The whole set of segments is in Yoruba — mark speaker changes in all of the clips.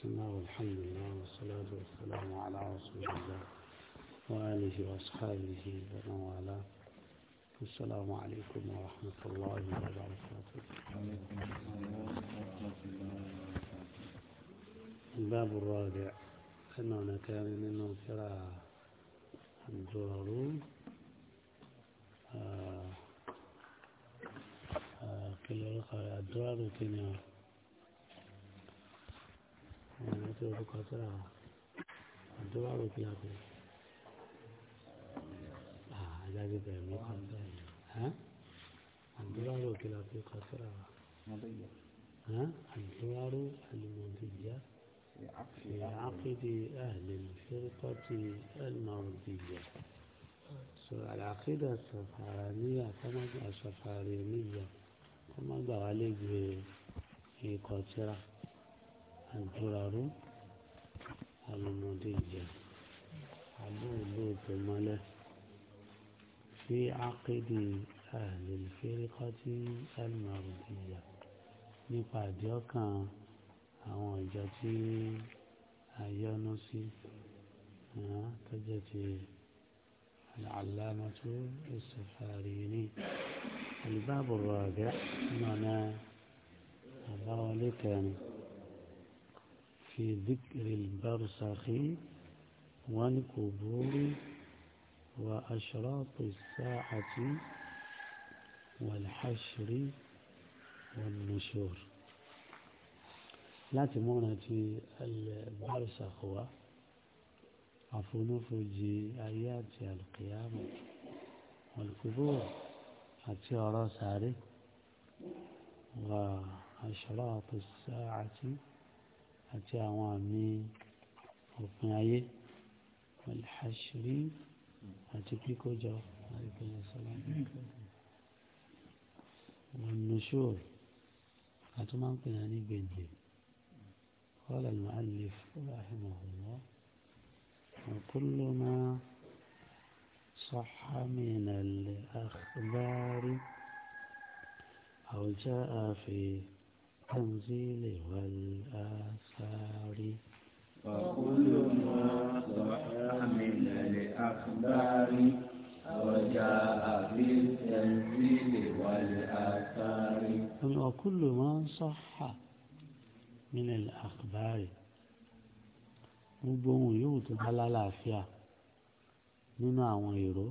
Speaker 1: بسم الله والحمد لله والصلاة والسلام على رسول الله وآله وأصحابه ومن والاه السلام عليكم ورحمة الله وبركاته الباب الرابع أنه كان منه ترى آه كل الدرر كنيا ẹ̀rọ tí orúkọ sọ́ra àdúrà rò kí àbẹ̀ àjáde bẹ̀rẹ̀ mi kọ́ ẹ́ àdúrà rò kí àbẹ̀ kọ́ sọ́ra الدوار المنتجة في عقد أهل الفرقة المرضية العقيدة السفرانية كما السفرانية كما قال عليك في قاتلة àdúràrú alùmọ̀dé jẹ alóòlù tó mọ́lẹ̀ fi ákéde àlèfẹ́rẹ́kọ́tì alùmọ̀dé jẹ nípa àdéhọ́kàn àwọn ìjọ tí ayọ́nú sí tọ́jú ti العلامة السفاريني الباب الرابع معناه أبا ولي في ذكر البرزخ والقبور وأشراط الساعة والحشر والنشور لا تمونا في البرزخ هو أفنفجي آيات القيامة والقبور حتى أرى ساري وأشراط الساعة àti àwọn àmì òfin ayé alhashiri àti kíkójọ àìpẹ̀yẹsọ́lá wọn nùṣó àtúmọ̀pẹ̀ ní gbèǹdé قال المؤلف رحمه الله وكل ما صح من الأخبار أو جاء في التنزيل والآثار وكل ما صح
Speaker 2: من الأخبار وجاء بالتنزيل والآثار
Speaker 1: وكل ما صح من الأخبار gbogbo ohun yòówù tó bá lálàáfíà nínú àwọn ìró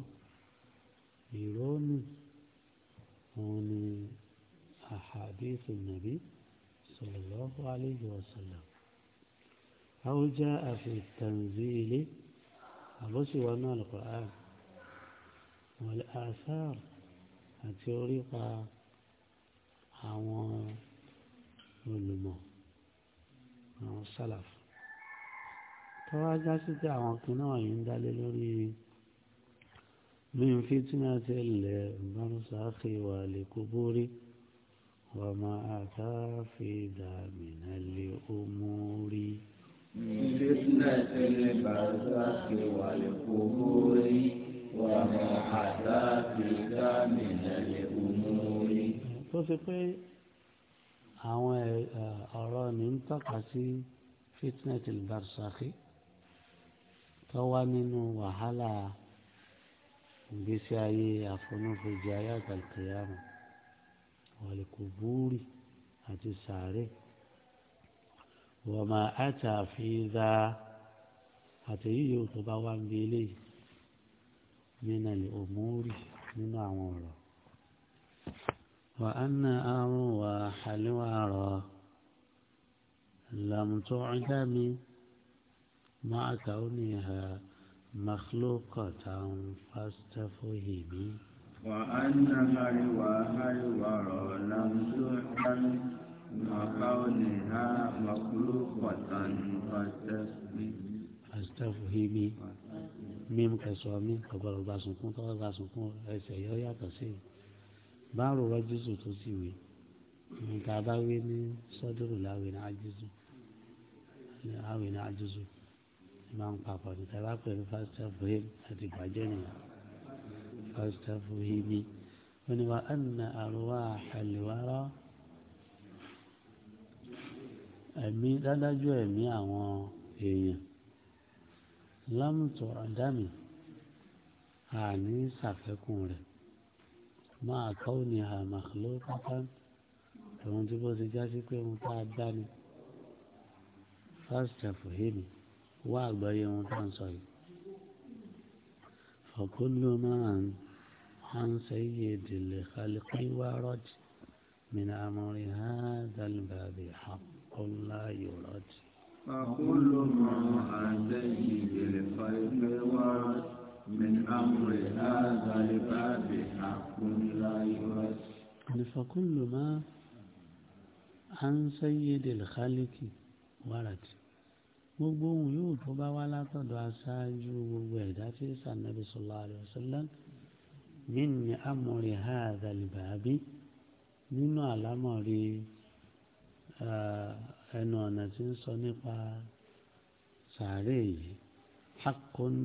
Speaker 1: ìró ni òun ni àhàdíìsì nàbí صلى الله عليه وسلم أو جاء في التنزيل الرسل وما القرآن والآثار أتوريق عوام علماء àwọn sálàf tọ́wá já sí pé àwọn kan náà yìí ń dálé lórí mímfi tí wọ́n ti lẹ̀ ìbánisọ̀ àkèwà lè kó bórí. وما أتى ذا من الأمور من فتنة البرزخ والقبور وما أتى
Speaker 2: ذا من الأمور
Speaker 1: tó ṣe pé àwọn ọ̀rọ̀ mi ń tọ́ka sí fitnati barsakhi tó wá nínú wàhálà ìgbésí ayé àfonúfojì ayé àtàlùkìyàmù wàlìkùbúrì àti sàárè wọ́mà àtà fìdá àti yíyí tó bá wá ń bí eléyìí nínú ìlòmúrì nínú àwọn ọ̀rọ̀ wà á ná àrùn wà hàlíwàrọ̀ làmùtọ́ ọjà mi máa kàó nìyà makhlókọ̀ tàn fásitẹ́fọ́ yìí mi.
Speaker 2: وأنها وهلور لم تعلم وكونها مخلوقة
Speaker 1: فاستفهمي ميم كسوة ميم كبر باسنكون تغير باسنكون أسيو يا كسي بارو رجزو تسيوي متابعوي من صدر لاوين عجزو لاوين عجزو imam papa ni tẹ́lá pẹ̀lú fásitì ọ̀fẹ́ àti ìbàjẹ́ nìyẹn. فاستفهمي وني وأن أرواح الورى ẹ̀mí dádájọ́ ẹ̀mí àwọn èèyàn lámùtọ̀ àdámì àní ṣàfẹ́kùn rẹ̀ máa kọ́ ní àmàlò pátá ẹ̀wọ̀n tí bó ti já sí pé wọn tá a dá ni fásitẹ̀fù hèmi wá àgbáyé wọn tá à ń sọ yìí fọ̀kúnlọ́mọ́ àrùn. عن سيد الخلق ورج من أمر هذا الباب حق لا يرج
Speaker 2: فكل ما عن سيد الخلق ورج من أمر هذا الباب حق لا
Speaker 1: يرج فكل ما عن سيد الخلق ورد gbogbo ohun yóò tó bá wá látọ̀dọ̀ aṣáájú gbogbo ẹ̀dá tí sànàbí sallallahu alaihi wasallam من أمر هذا الباب من الأمر ẹnu ọ̀nà tí ń sọ nípa sàárè yìí hakun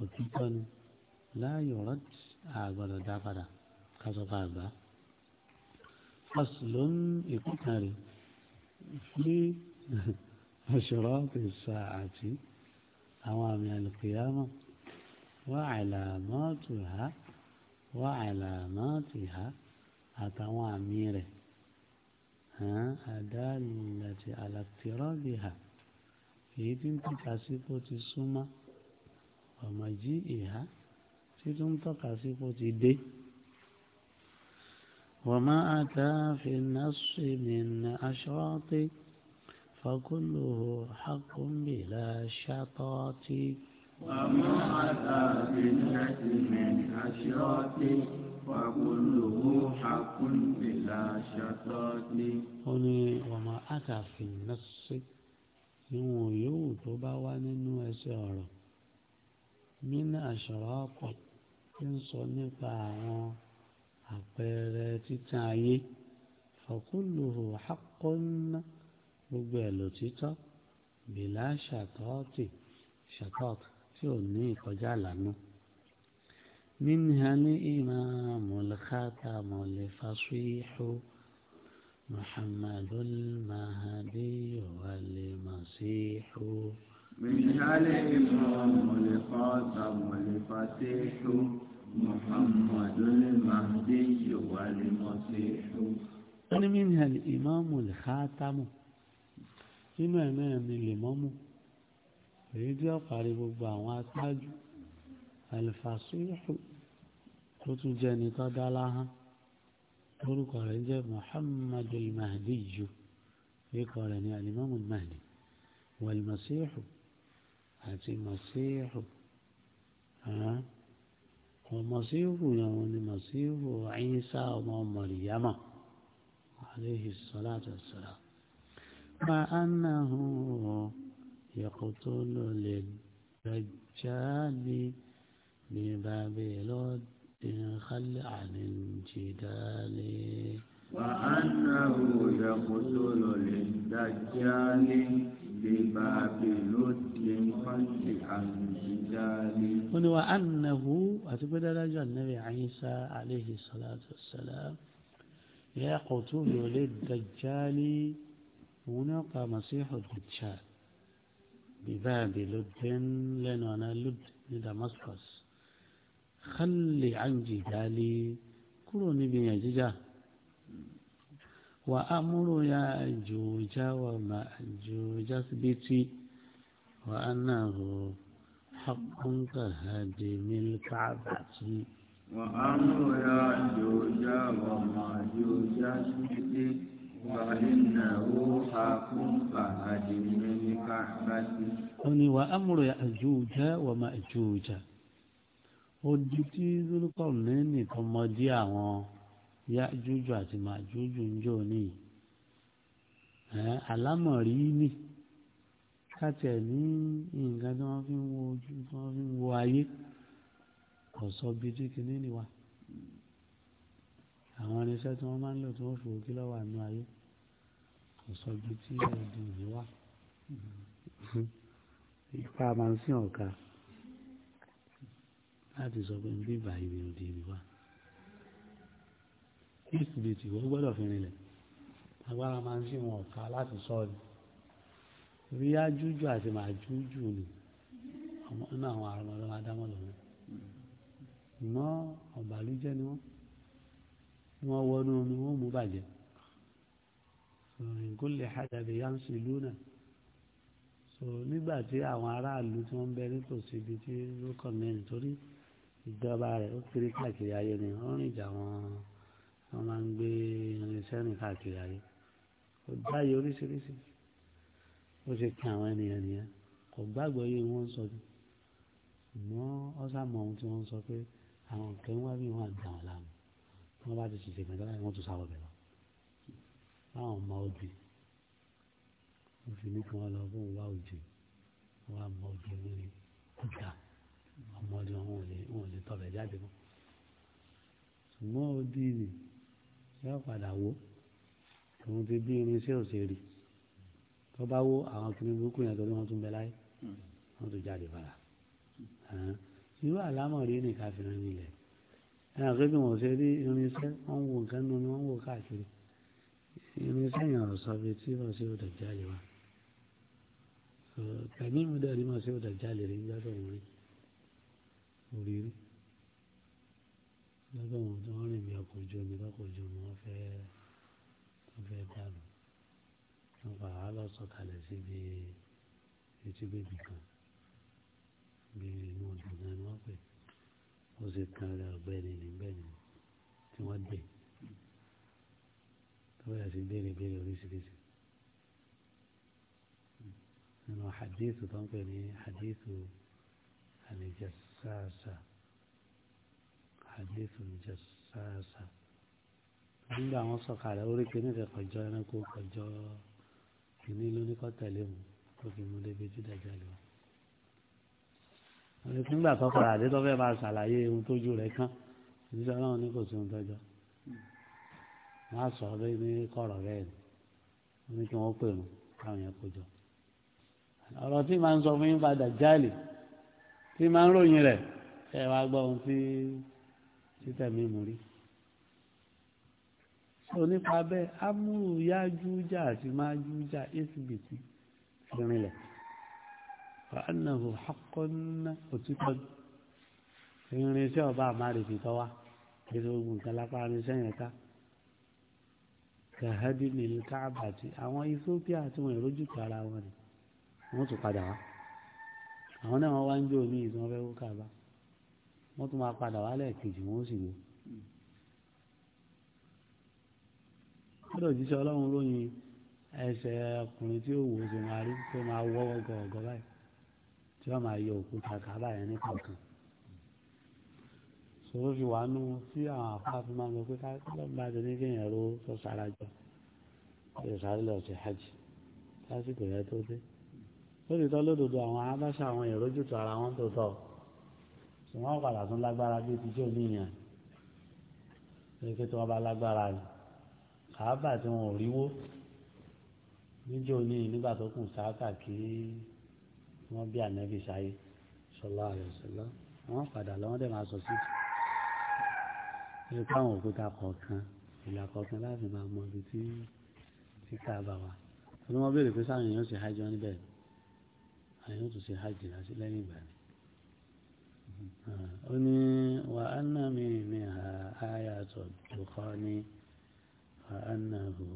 Speaker 1: òtítọ́ ni láàyò rọ́t àgbọ̀dọ̀ dá padà kásọ̀fà àgbà. faslun ìkúkan fi ọ̀ṣọ́rọ́ ti sa àti àwọn àmì àlùkìyàmọ̀ wà àlàmọ́tò ha wọ́n àlànà ti hà àtàwọn àmì rẹ̀ hàn àdáàlìlàtì àlàtìrọ́bì èyí tí ń tọ́ka sí kó ti súnmọ́ ọ̀mọ̀jì ìhà tí tó ń tọ́ka sí kó ti dé. وما أتى في النص من أشراط فكله حق بلا شطاط
Speaker 2: وما أتى بنعت من أشراط فكله حق بلا شطاط.
Speaker 1: ó ní وما أتى في النص ìwọ̀n yòówù tó bá wá nínú ẹsẹ̀ ọ̀rọ̀ mina àṣọ̀rọ̀pọ̀ tí ń sọ nípa àwọn àpẹẹrẹ títan ayé fọkúlù àkọ́nà gbogbo ẹ̀ lòtítọ́ bìlà ṣàtọ́ọ̀tì ṣàtọ́ọ̀tì tí ò ní ìkọjá àlànà minhani imaamu lakata mọlẹ fasuixu muhammadu mahadi wali masiixu. minhani imaamu
Speaker 2: lakata mọlẹ fasuixu muhammadu mahadi wali masiixu.
Speaker 1: wọ́n ní minhani imaamu lakata mu inú ni lè èyí tí ọ̀parí gbogbo àwọn aṣáájú alifasihu tó tún jẹ́ ní tọ́dá láhán orúkọ rẹ̀ ń jẹ́ muhammadu mahdi ju ikọ̀ rẹ̀ ní alimami mahdi wàlmasihu àti masihu ọmọsíhù yẹn wọn ni masihu ẹ̀yìnsá ọmọ mọ̀lìyàmọ̀ aleyhi salatu wa salam ma anahu. يقتل للدجال بباب خل عن الجدال وأنه
Speaker 2: يقتل للدجال بباب خل عن الجدال
Speaker 1: وأنه أتبدى رجع النبي عيسى عليه الصلاة والسلام يقتل للدجال هناك مسيح الدجال بباب لد لأنه أنا لد إذا خلي عن جدالي كلوني بيججة وأمر يا وما ومأجوج اثبتي وأنه حق كهدم الكعبة وأمر يا وما
Speaker 2: ومأجوج اثبتي
Speaker 1: wọ́n ní wà á múrò àjòjá wà má àjòjá ojú tí zolukọ lẹ́nì kan mọ dí àwọn yá jújù àti má jújù ń jò ní àlámọ̀rí ni kátẹ̀ ní nǹkan tí wọ́n fi ń wo ojú tí wọ́n fi ń wo ayé kò sọ bíi tí ni wa àwọn irinṣẹ́ tí wọ́n máa ń lò tí wọ́n fi òkè lọ́wọ́ àánú ayé kò sọ ju tí ẹ̀dùn yìí wà ipa máa ń sìn ọ̀ka láti sọ pé bí ìbà ìrìn òdì ìrìn wà ìsìbìtì wọ́n gbọ́dọ̀ fi rinlẹ̀ agbára máa ń sìn ọ̀ka láti sọ ọ́ ni rí ajújù àti màjújù ni ọmọ náà àwọn àrùn ọlọ́wọ́ adámọ́ lọ́wọ́ ṣùgbọ́n ọ̀bàlújẹ́ ni wọ́n wọ́n wọnú omi wọ́n mú bàjẹ́ sọ̀rìn kúnlẹ̀ hàdàbẹ̀ yá ń sùn ìlú náà so nígbà tí àwọn aráàlú tí wọ́n ń bẹ nítòsí ibi tí lókàn mẹ́rin torí ìjọba rẹ̀ ó kiri káàkiri ayé ni wọ́n rìn jà wọ́n wọ́n máa ń gbé irinṣẹ́ rìn káàkiri ayé kò dáyé oríṣiríṣi ó ṣe kí àwọn ènìyàn nìyẹn kò gbàgbọ́ yé wọ́n sọ ni ṣùgbọ́n ọ́sàmọ̀ ohun tí wọ́n sọ pé àwọn kẹ́ bí wọ́n àgbà wọn láàmú wọ́n bá ti ṣiṣẹ́ ìgbà láti wọ́n tún sá lọ́bẹ̀ lọ. láwọn ọmọ òbí wọ́n fi ní kí wọ́n lọ fún ìwà òjò wọ́n á mọ òjò lórí ọjà ọmọdé wọn ò lè tọ̀bẹ̀ jáde mọ́. ṣùgbọ́n òdì ni yóò padà wó òun ti bí irinṣẹ́ òṣèré tó bá wó àwọn kìnìún burúkú yẹn torí wọ́n tún bẹ láyé wọ́n tún jáde padà. irú àlámọ̀ rí nìkan fi rán nílẹ̀ ẹ àgbẹ̀ bí ṣe rí irinṣẹ́ wọ́n wò nǹkan nínú wọ́n wò káàkiri irinṣẹ́ yẹn ọ̀rọ̀ sọ bíi tí wọ́n ṣe ò dàjálè wa tàbí mo dẹ̀ rí wọ́n ṣe ò dàjálè rí gbádùn wọn rí orí rí gbádùn wọn tí wọ́n rìn bí ọkọ̀ ojú omi lọ́kọ̀ ojú omi wọ́n fẹ́ wọ́n fẹ́ dànù wọ́n fà á lọ sọ̀kalẹ̀ síbi etí bèbí kan bí inú ọdún náà ni wọ́n pè é ó sì kan ni ọ̀gbẹ́ni nígbẹ̀ni tí wọ́n gbé tó bẹ̀rẹ̀ sí béèrè béèrè oríṣiríṣi nínú hadithu tó ń pè ní hadithu alìjẹsáàsà hadithu alìjẹsáàsà nígbà àwọn sọ̀kalẹ̀ orí kìíní rẹ̀ kọjọ́ ẹranko kọjọ́ kìíní lóníkọ́ tẹ̀lé mu tó fi mú débi júdàjà lọ nígbà tó padà dé tó fẹ́ máa ṣàlàyé ohun tójú rẹ̀ kán ìdílé ọlọ́run ní kò sí ohun tọ́jọ́ wọ́n á sọ ọ́ bẹ́ẹ̀ ní kọ̀rọ̀ bẹ́ẹ̀ ni wọ́n ní kí wọ́n pè mí káwọn yẹn kó jọ. ọ̀rọ̀ tí màá ń sọ fún yín padà jáàlì tí màá ń ròyìn rẹ̀ ẹ wá gbọ́ ohun tí títẹ̀ mi mú rí. sọ nípa bẹ́ẹ̀ amúyájújà àti májújà acbt fi rinlẹ̀. فأنه حق وتقد ìrìnsẹ́ ọba àmàlìkì tó wá ètò ogun kẹlápá irinṣẹ́ yẹn ká kẹhẹ́dì nílùú káàbà tí àwọn ethiopia tí wọ́n ìrójú kára wọn ni wọ́n tún padà wá àwọn náà wọ́n wá ń jó omi tí wọ́n fẹ́ wó káàbà wọ́n tún máa padà wá lẹ́ẹ̀kejì wọ́n sì wó. lọ́dọ̀ jíṣẹ́ ọlọ́run lóyin ẹsẹ̀ ọkùnrin tí ó wò ó sì máa rí tó máa wọ́ gbọ̀gbọ̀ báyìí tí wọ́n máa yọ òkúta kàbá yẹn ní kọ̀ọ̀kan sọ̀rọ̀ fi wà nù tí àwọn afáàfin máa ń lọ pé káàkiri bá ti ní kéèyàn ro sọ jọ ẹ sáré lọ sí hajj lásìkò yẹn tó dé lórí tọ́ lódodo àwọn abáṣà àwọn èrò jùtọ̀ ara wọn tó tọ̀ ṣùgbọ́n padà tún lágbára bíi ti jẹ́ oníyàn ẹ̀kẹ́ tí wọ́n bá lágbára rẹ̀ kàábà tí wọn ò ríwó níjọ́ ní nígbà tó kù sáà kàkiri wọ́n bí ànábì sáyé sọlá rẹ̀ sọlá wọ́n padà lọ́wọ́n dẹ̀ máa sọ sí i nípa àwọn òkúta kọ̀ọ̀kan ìlà kọ̀ọ̀kan láti máa mọ ibi tí tí ká bá wa tó ní wọ́n béèrè pé sáwọn èèyàn ṣe hajj wọn níbẹ̀ àyàn tó ṣe hajj láti lẹ́yìn ìgbà ni. ó ní wà á nà mí ní àyà tó dùkọ́ ní wà á nà hù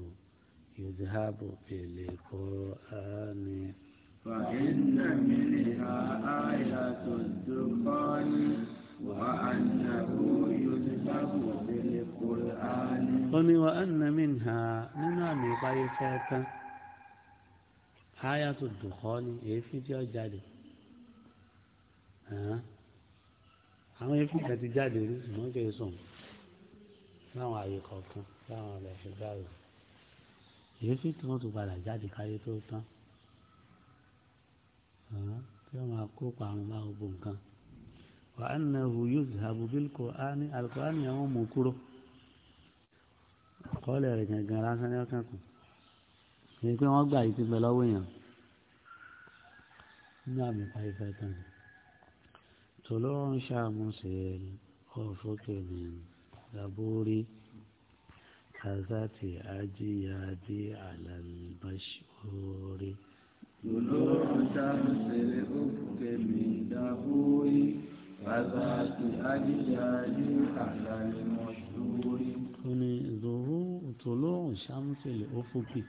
Speaker 1: yóò pèlè kó á ní. فإن منها آية
Speaker 2: الدخان وأنه يذهب بالقرآن
Speaker 1: قل وأن منها من أمي طيفاتا آية الدخان إيه في جاجالي ها àwọn efi kan ti jáde rí ṣùgbọ́n kì í sùn láwọn àyè kọ̀ọ̀kan láwọn ọ̀lẹ́fẹ̀ gbáàrò èéfì tí wọ́n tún padà jáde káyé tó tán tí wọ́n máa kó parun bá gbogbo nǹkan. wà á nà hu yóò zàbù bí alukur'ani alukur'ani yẹn wọ́n mú kúrò kọ́ọ̀lì rẹ̀ gangan lásán ní ọkàn kù èyí pé wọ́n gbà yìí ti bẹ lọ́wọ́ èèyàn ní àmì pa ìfẹ́ tán tòló ń ṣàmùsè ọ̀fọ́kè ní gàbórí kazati ajiyadi alalbashori. طلوع
Speaker 2: شمس الأفق من دهوري وذات أجداد أهل المشهور
Speaker 1: ni zoro tolóhùn ṣáńsẹ̀lẹ̀ ófókè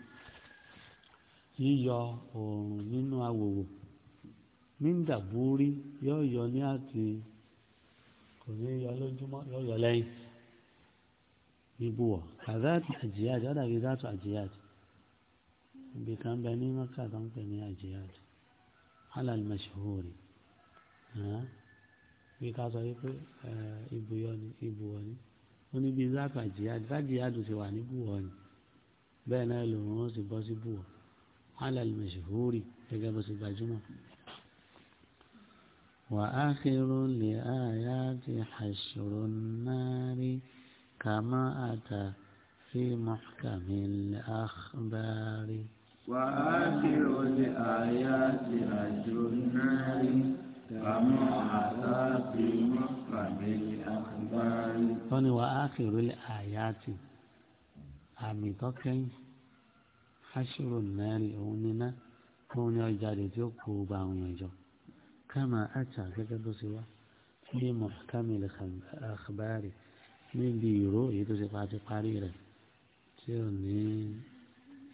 Speaker 1: yíyọ oòrùn nínú awòwò níńdàbórí yóò yọ ní àti kò ní yọ lójúmọ́ yóò yọ lẹ́yìn níbùwọ̀ kàdáàtì àjíyáàtì ọ̀dàbí dáàtì àjíyáàtì بكم بني مكة تم بني أجيال على المشهور ها بكا صحيح آه، إبواني إبواني وني بذاك أجيال فأجيال سواني بواني بين الهنوز بس بوه على المشهور كما سبجمع وآخر لآيات حشر النار كما أتى في محكم الأخبار
Speaker 2: وآخر الآيات أجر النار كما أتى في محكم الأخبار. قل
Speaker 1: وآخر الآيات àmì tọ́kẹ́yìn aṣọ́rò náírà òun níná òun ni ọjà rẹ̀ tí ó kó gba àwọn èèyàn jọ káàmà àti àgẹ́gẹ́ bó ṣe wá bí mọ̀kámi àkàbárì níbi ìró èyí tó ṣe pàtí parí rẹ̀ tí ò ní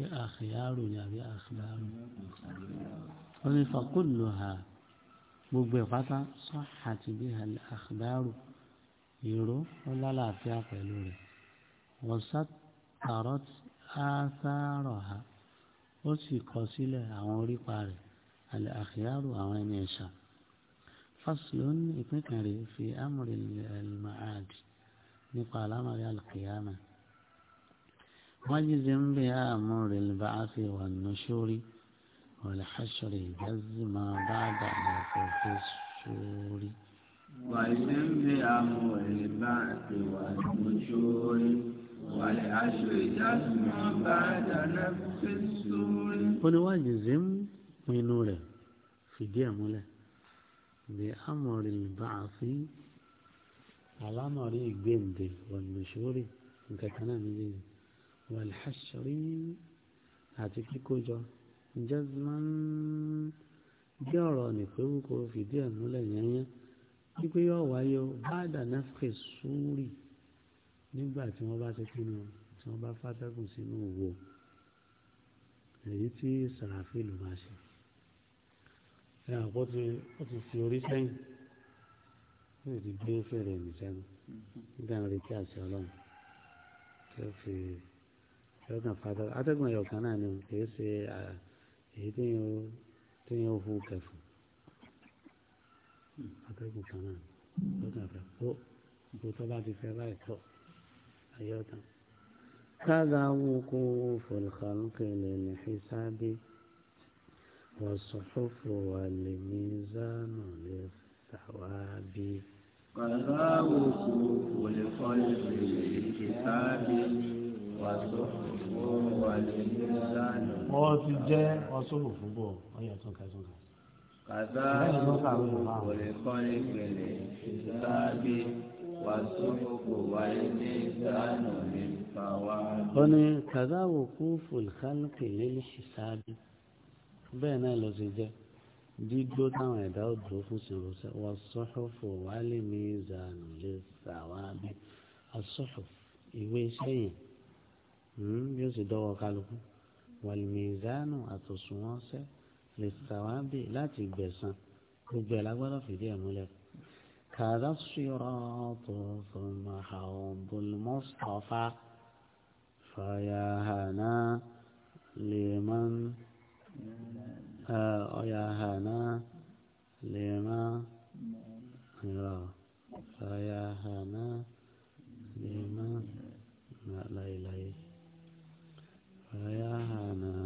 Speaker 1: ṣé àkìyàrò ni àbí àkìyàrò wọn ni fàkúlù ha gbogbo ìpátá sọ́hàtì bí àkìyàrò ìró ó lálàáfíà pẹ̀lú rẹ̀ wọ́n sàtàrọ́t ásáàrọ̀ ha ó sì kọ sílẹ̀ àwọn orípa rẹ̀ àlẹ́ àkìyàrò àwọn ẹni ẹ̀ṣà fásilónì ìpín fi amúrè ẹ̀lmáàdì nípa àlámọ̀rí àlùkìyàmẹ́. واجزم بأمر البعث والنشور والحشر جز ما بعد نفخ الشور
Speaker 2: واجزم بأمر البعث والنشور والحشر جز ما بعد نفخ الشور
Speaker 1: قل واجزم وينوله في دياموله بأمر البعث على مريق بنده والنشور كتنا من wàlhásírì àti kíkójọ jazman bí ọ̀rọ̀ nìpéwú kò fìdí ẹ̀ múlẹ̀ yẹnyẹn wípé yóò wáyé o báàdà nẹ́fẹ̀ súúrì nígbà tí wọ́n bá ti pinnu tí wọ́n bá fàtẹ́kùn sínú òwò èyí tí sàràfíìlù máa ṣe ẹ àpò tí ó ti fi orí sẹ́yìn ó sì ti gbé fèrè nìṣẹ́nu nígbà wọn retí àṣẹ ọlọ́run kí ó fi yóò kàn fa atẹ́gùn ẹ̀yọ̀ kan náà ni kìí ṣe èyí tí yóò hu kẹfùn hmm, atẹ́gùn kan náà yóò kàn fẹ́ tó ibo tó bá ti fẹ́ láì tọ́ ayé ọ̀tàn. kága wúkú fòlùkàlùkẹ̀lẹ̀ lè fi sáábì والصحف والميزان للثواب قضاء وقوف
Speaker 2: لخلق الكتاب wọ́n ti jẹ́
Speaker 1: ọsọ́rọ̀ fúnbọ̀ ọyà tó ká tó ká.
Speaker 2: kàtà òkòlè kọ́ni pèlè sáábì
Speaker 1: wàsókòkò wáyé ní ìdáná mi fà wá. ó ní kàtà òkú fòlìkánìkì lélẹ̀ sáábì bẹ́ẹ̀ náà ló ti jẹ́ dídó táwọn ẹ̀dá ò dúró fún ṣèròṣẹ́ wàsókòkò wáyé ní ìdáná mi fà wá bí asọ́fò ìwé iṣẹ́ Hmm, bí ó sì dọ́wọ́ kálukú wàlìmíìzánù àtòsùnwọ́nsẹ́ lè sàwábì láti gbẹ̀sán gbogbo ẹ̀ lágbọ́dọ̀ fìdí ẹ̀ múlẹ̀. kàdá sírọ́ọ̀tù fúnmà àwọ̀bùlmọ́sọ̀fà fàyàhànà lèman ọ̀yàhànà lèman ìrọ̀ fàyàhànà lèman láìláì. Eh, liman فيهانا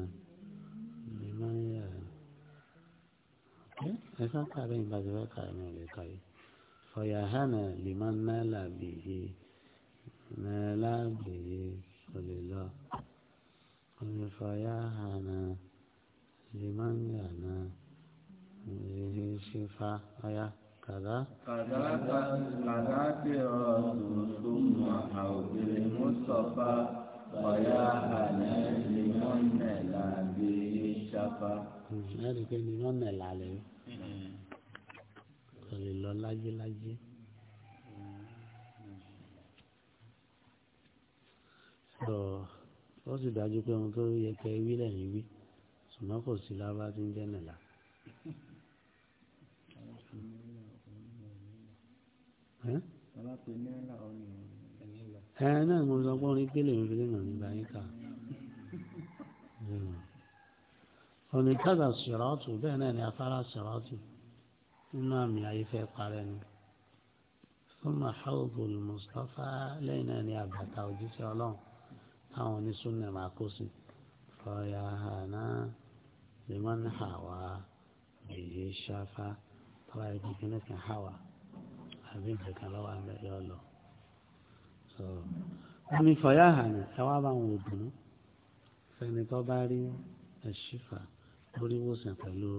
Speaker 1: لمن يهانا ẹ̀sán kàrẹ́ ìbàdìbẹ́ kàrẹ́ ní ọ̀lẹ́ kàrẹ́ fọ̀yàhánà lèmọ́ náírà bèyí náírà bèyí ọ̀lẹ́ lọ ọ̀lẹ́ fọ̀yàhánà lèmọ́ yànà bèyí ṣífà ọ̀yà kàdá. kada? Kada ti kada tó tó mọ̀ àwòrán mustapha ọ̀yà àlẹ́ nìyọ́n mẹ́la bí ṣáfà. ẹ̀rí pé nìyọ́n mẹ́la lè kò lè lọ lájílájí. ó sì dájú pé ohun tó yẹ kẹ́ wí lẹ́yìn wí ṣùgbọ́n kò sí lábá tí ń jẹ́ nìlá. Huh? ẹ náà mo sọ pé orin gbélé mi fi lè ràn nígbà yín kà ọ̀nì kàdà sírọ́ọ̀tù bẹ́ẹ̀ náà ni afárá sírọ́ọ̀tù nínú àmì ayífẹ́ parẹ́ ni súnmọ́ haúbùl mustapha lẹ́yìn náà ni àbàtà òjíṣẹ́ ọlọ́run táwọn oníṣúná máa kó sí fọyà hànà lèmọ́nì hàwà èyí ṣáfá tọ́lá ibi kìnnìkan hàwà àbí ìjẹ̀kan lọ́wọ́ àmì ẹ̀yọ́ lọ́wọ́ sọ àmì fọyà hànà ẹ wá bá wọn òdùnú fẹni tó bá rí ẹṣífà lórí ìwòsàn pẹ̀lú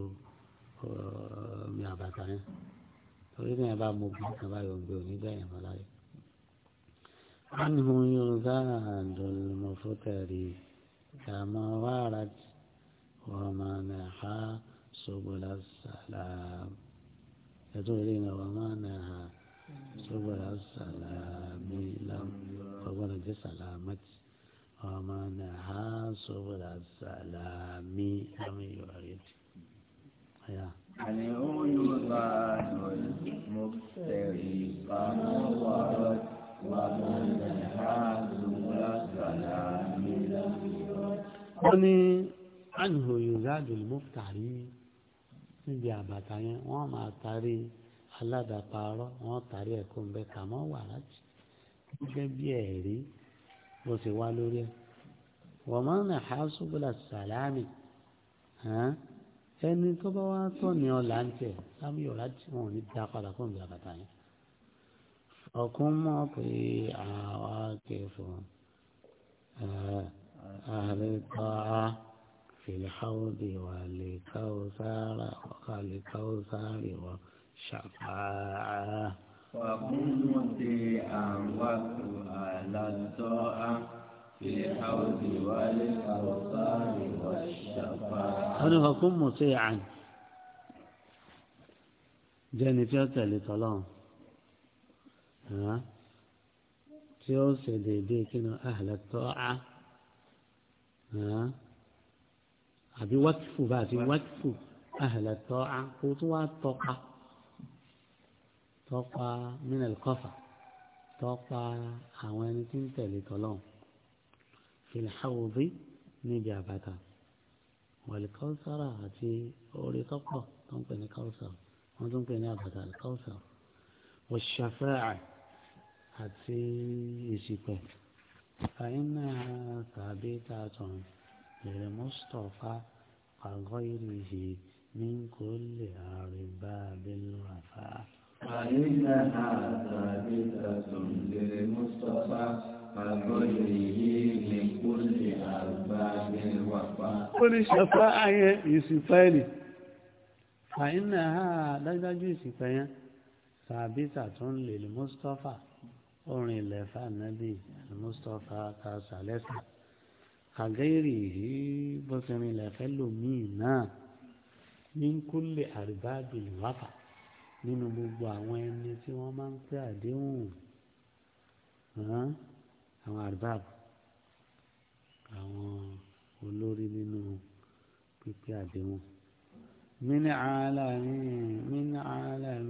Speaker 1: omi àbàtà yẹn torí ní ẹ bá mọ bí ẹ bá yọ gbé onígbà yẹn mọ láyé. wọ́n mú yorùbá àdùnmọ̀ fúkẹ́rì kàmá wàrà wọ́n máa nà ha sọ́gbọ́lá sàlám ẹ̀dùn rí ni wọ́n máa nà صبر السلام لم فورد سلامت ومنها صبر السلام لم يعرف
Speaker 2: عن عيوبان المفترقة ورد ومنها صبر السلام لم
Speaker 1: يعرف عنه يزاد المفتري níbi àbàtà yẹn wọ́n máa tarí aládàpárọ́ wọn tàrí ẹ̀kọ́ ń bẹ kàmọ́ wà láti gẹ́gẹ́ bí ẹ̀rí bó ti wá lórí ẹ̀. wọ́n máa ń ha ṣubúlà sàlámì ẹni tó bá wá tọ̀ ní ọ̀la ń tẹ̀ sámi ọ̀la wọn ò ní da padà fún ìgbà bàtà yẹn. ọ̀kún mọ̀ pé àwa kẹfọ́ àrètọ́ a fìlà áwòdì wà lè káwọ́ sáárà wà lè káwọ́ sáárì wà. شفاعة
Speaker 2: وكل مطيعا وكل لطاعا في حوض والأوصار والشفاعة أنا
Speaker 1: هكون مطيعا jẹni tí ó tẹ̀lé tọ́lọ́run tí ó ṣe déédé kínú àhàlẹ́ tọ́ a àbí wákìfù bá àti wákìfù àhàlẹ́ tọ́ kó tún wá tọ́ tọ́pa minel kọfà tọ́pa àwọn ẹni tí ń tẹ̀lé tọ́lọ́hún filhawubi níbi àbàtà wàlíkọ́sára àti orí tọ́pọ̀ tó ń pè ní káwùsàrù wọ́n tó ń pè ní àbàtà káwùsàrù wòṣàfẹ́à àti ìsìpẹ̀ fàyínà tàbí tààtàn lèrè mustapha pàgọ́ ìrìhì ní kò lè àrùbá abẹ́lú àfáà. فإن هذا
Speaker 2: بدعة للمصطفى كغيره من كل أرباب الوفاء. كل شفاعة
Speaker 1: يسفاني. فإن هذا dájú ìsìnkú yẹn sàbítà tó ń lè mustapha orin ilẹ̀ fanabi mustapha ta sàlẹ́sà àgẹ́rì yìí bó ilẹ̀ fẹ́ lòmíì náà ní kúlẹ̀ àríbábìlì wáfà nínú gbogbo àwọn ẹni tí wọ́n máa ń pẹ́ àdéhùn àwọn arbab àwọn olórí nínú pípé àdéhùn. من عالم من عالم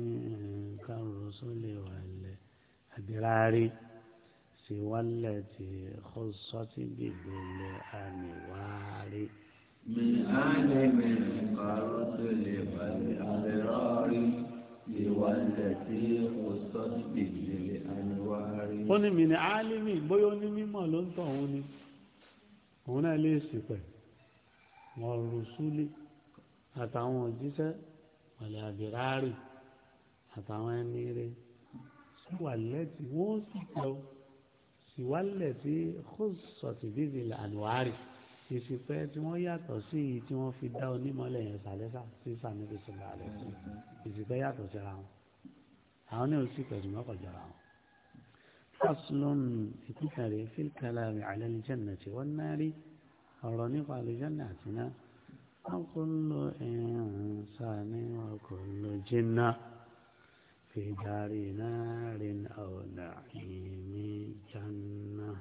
Speaker 1: كالرسل والأبرار سوى التي خصت بالأنوار من عالم كالرسل
Speaker 2: والأبرار ó
Speaker 1: ní mìíní álímì bóyá ó ní mímọ̀ ló ń tọ̀ òun ni òun náà lè ṣìpẹ̀ wọn rùsúlì àtàwọn òjíṣẹ́ wàlẹ̀ àbírárì àtàwọn ẹni rẹ̀ síwálẹ̀ tí wọ́n sì pẹ́ o síwálẹ̀ tí kòsọ̀tì bíbí ànúwárì ìsìpẹ́ tí wọ́n yàtọ̀ sí èyí tí wọ́n fi dá onímọ̀lẹ̀ yẹn sàlẹ́sà sí sàmìlì sọ̀rọ̀ àlẹ́ ìsìpẹ́ yàtọ̀ síra wọn. أنا أقول لك أجمع قدرها فصل إتحاري في الكلام على الجنة والنار أرنق على جناتنا وكل إنسان وكل جنة في دار نار أو نعيم جنة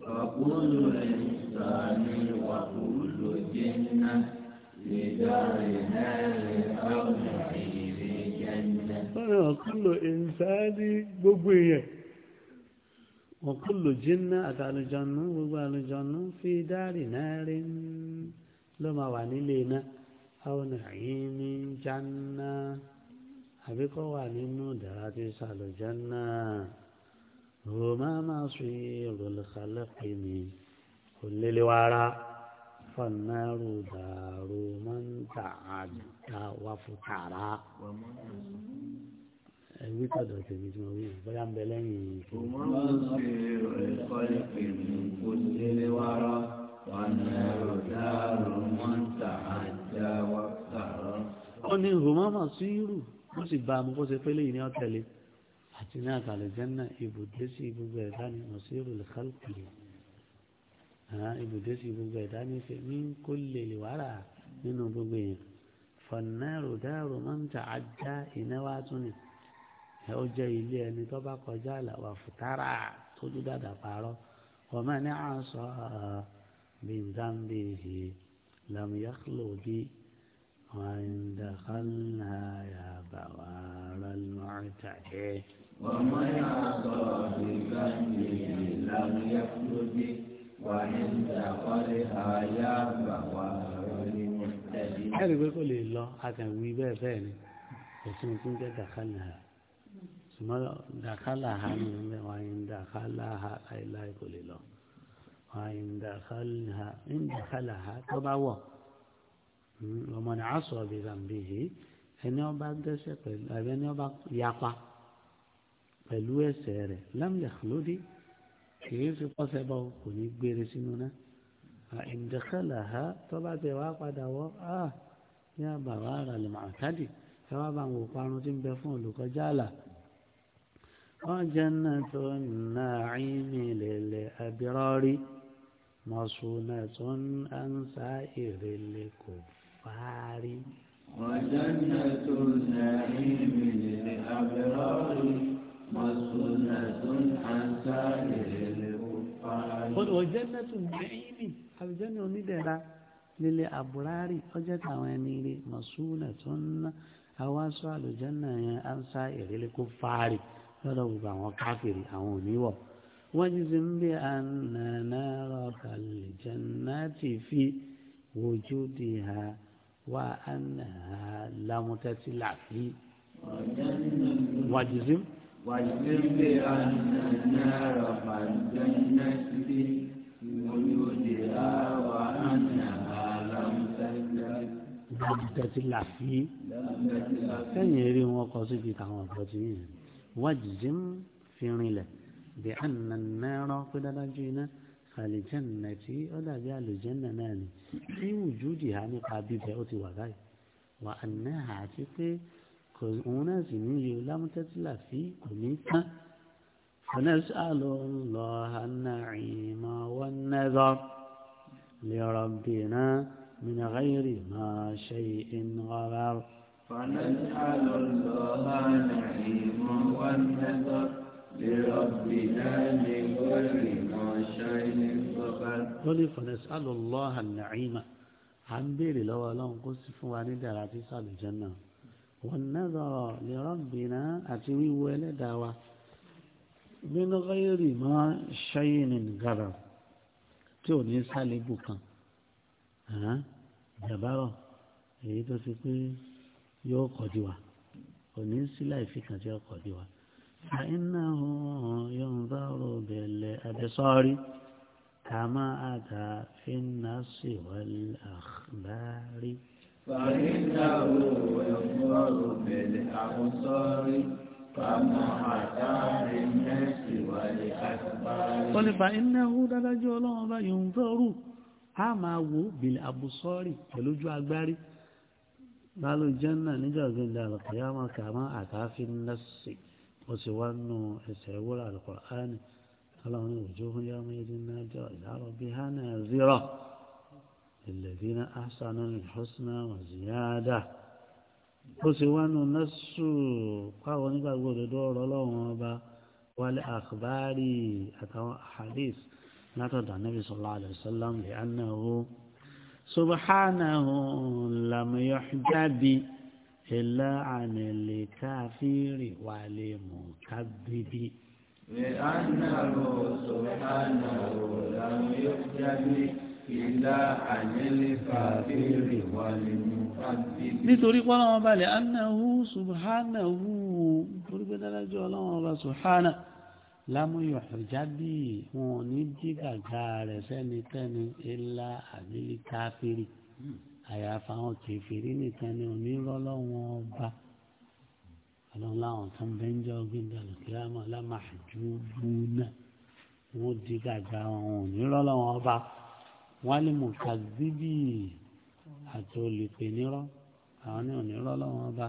Speaker 2: وكل إنسان وكل
Speaker 1: ọ̀kúlò ìsáàdì gbogbo èèyàn ọ̀kúlò jìnnà àti àlùjọ̀nù gbogbo àlùjọ̀nù fi dárì náà rí ló máa wà nílé iná àwọn ẹ̀yìn ní jánà àbí kọ́ wà nínú ìdára tí sàlùjánà roma máa sùn mi kò lélẹ̀ wá rà fanaru dàrú máa ń wà fún tààrà ẹ̀wí tọ̀dọ̀ tèmi tí mo wí bóyá ń bẹ lẹ́yìn ìfẹ́. mo máa ń fi ẹ̀kọ́ ìpè mi kó délé wárá
Speaker 2: wọnà ẹ̀rọ dáàrú wọn tà ájá wá sàrọ.
Speaker 1: ó ní rùmọ́mọ̀ sí irú wọ́n sì bá a kó ṣe pélé yìí ní ọ̀tẹ̀lẹ̀ àti ní àtàlẹ̀ jẹ́nà ibùdó sí gbogbo ẹ̀dá ni mo sì rò lẹ́kọ̀ọ́kì ibùdó sí gbogbo ẹ̀dá ni ṣe mí kó lè lè wàrà nínú gbogbo èèyàn fọ̀nà ẹ̀rọ dáàrú wọn tà ájá ìnáwó àtúnì ẹ ó jẹ́ ilé ẹni tó bá kọjá àlàwà fùtárà tójú dàdà parọ́ ọmọ ẹni à ń sọ bí zambi yìí lam yakhlu bi wàndàkànnà yàbàwà rálmọ́tà ẹ̀. ọmọ ẹni à ń sọ bí zambi yìí lam yakhlu bi wàndàkànnà yàbàwà rálmọ́tà ẹ̀. ẹ̀rí pé kò lè lọ akàwé bẹ́ẹ̀ bẹ́ẹ̀ ni ẹ̀sìn tó ń jẹ́ dàkànnà yàbàwà sùmọ́ dàkálà ha ni ẹ̀ wọ́n yìí ń dàkálà ha láìláì kò lè lọ wọ́n yìí ń dàkálà ha ń dàkálà ha tó bá wọ̀ ọmọ ní aṣọ ọ̀bì zàmbì yìí ẹni ọba dẹ́sẹ̀ pẹ̀lú àbí ẹni ọba yapa pẹ̀lú ẹsẹ̀ rẹ̀ lámìlẹ̀ lódì kìí fi pọ́sẹ̀ bọ́ kò ní gbére sínú náà ìdẹ́kálà ha tó bá tẹ̀ wá padà wọ́ ah ní àbàwá ara lè máa kádì ẹ wá bá wọn ò parun tí ń bẹ fún olùkọjá àlà. وجنة النعيم للأبرار مصونة عن سائر الكفار وجنة
Speaker 2: النعيم للأبرار مصونة عن سائر الكفار وجنة
Speaker 1: النعيم الجنة ندرة للأبرار وجنة ونيري مصونة أواصل الجنة عن سائر الكفار lọ́dọ̀ gbogbo àwọn káfìrí àwọn òníwọ̀ wọ́n ti ti ń bí ànànàrọ̀ kàlìjẹ́nàtì fi wojú di ha wà ànàhà lámútẹ́sílà fi. wàjúzím. wàjúzím bí ànànàrọ̀ kàlìjẹ́nàtì
Speaker 2: fi wojú di ha wà ànàhà lámútẹ́sílà fi.
Speaker 1: lámútẹ́sílà fi. sẹ́yìn eré wọn kọ síbi táwọn ọ̀dọ́ ti yìn. واجزم نيلة بأن النار قد رجينا فالجنة ولا جاء لجنة ناني في وجودها نقابي بيوتي وغاية وأنها عتقي كذونا زمي لا تتلا في كميتا فنسأل الله النعيم والنذر لربنا من غير ما شيء غرر فنسأل الله نعيم والنصر
Speaker 2: لربنا من كل ما شيء فقد
Speaker 1: قل فنسأل الله النعيم عندي بير لو لون قص فواني دراتي صال الجنة والنظر لربنا أتوي ولد من غير ما شيء غرر tí ò ní sálẹ̀ ibù kan jàbárọ̀ èyí tó ti pé yóò kọjú wa kò ní sílẹ̀ ìfikàn tí yóò kọjú wa. àìná yóò ń bá rò bẹ̀lẹ̀ àbẹ̀sọ́rí kàmá àtà fínà sí wàlẹ̀ àkàbárí. فإنه ينظر
Speaker 2: بالأبصار فما أتى للناس ولأخبار wọ́n ní
Speaker 1: فإنه dájú ọlọ́run bá yóò ń fẹ́ rú a máa wo bìlì àbùsọ́rì pẹ̀lú ojú agbárí مال الجنة نجاز إلى القيامة كما أتى في النص أنه سيقول على القرآن اللهم وجوه يومئذ ناجرة إلى ربها ناظرة للذين أحسنوا الحسنى وزيادة وسوى أنه النص قالوا قول دور الله با والأخبار أتوا حديث لا تدع النبي صلى الله عليه وسلم لأنه subhanahu lam yuhjabi illa anil kafiri wal mukabbibi. لأنه سبحانه لم يحجب إلا
Speaker 2: عن الكافر والمكذب
Speaker 1: nítorí pọ́nlọ́wọ́ balẹ̀ annahu subhanahu torí pé dára jọ ọlọ́wọ́ ọba subhanahu lámúyọ̀ ọ̀jábì wọn ò ní jí gàgà rẹ̀ sẹ́nikẹ́ni ilá àbílí káfírí àyàfà àwọn kẹfìrí nìkan ni onírọ́lọ́wọ́n ọba ọlọ́láwọn tó ń bẹ́ńjọ́ gbẹ̀dẹ̀lù kílámà lámàjú búnà wọn jí gàgà wọn ò onírọ́lọ́wọ́n ọba wọn lè mú kàzíbì àti olùpẹ̀ nírọ́ àwọn ní onírọ́lọ́wọ́n ọba.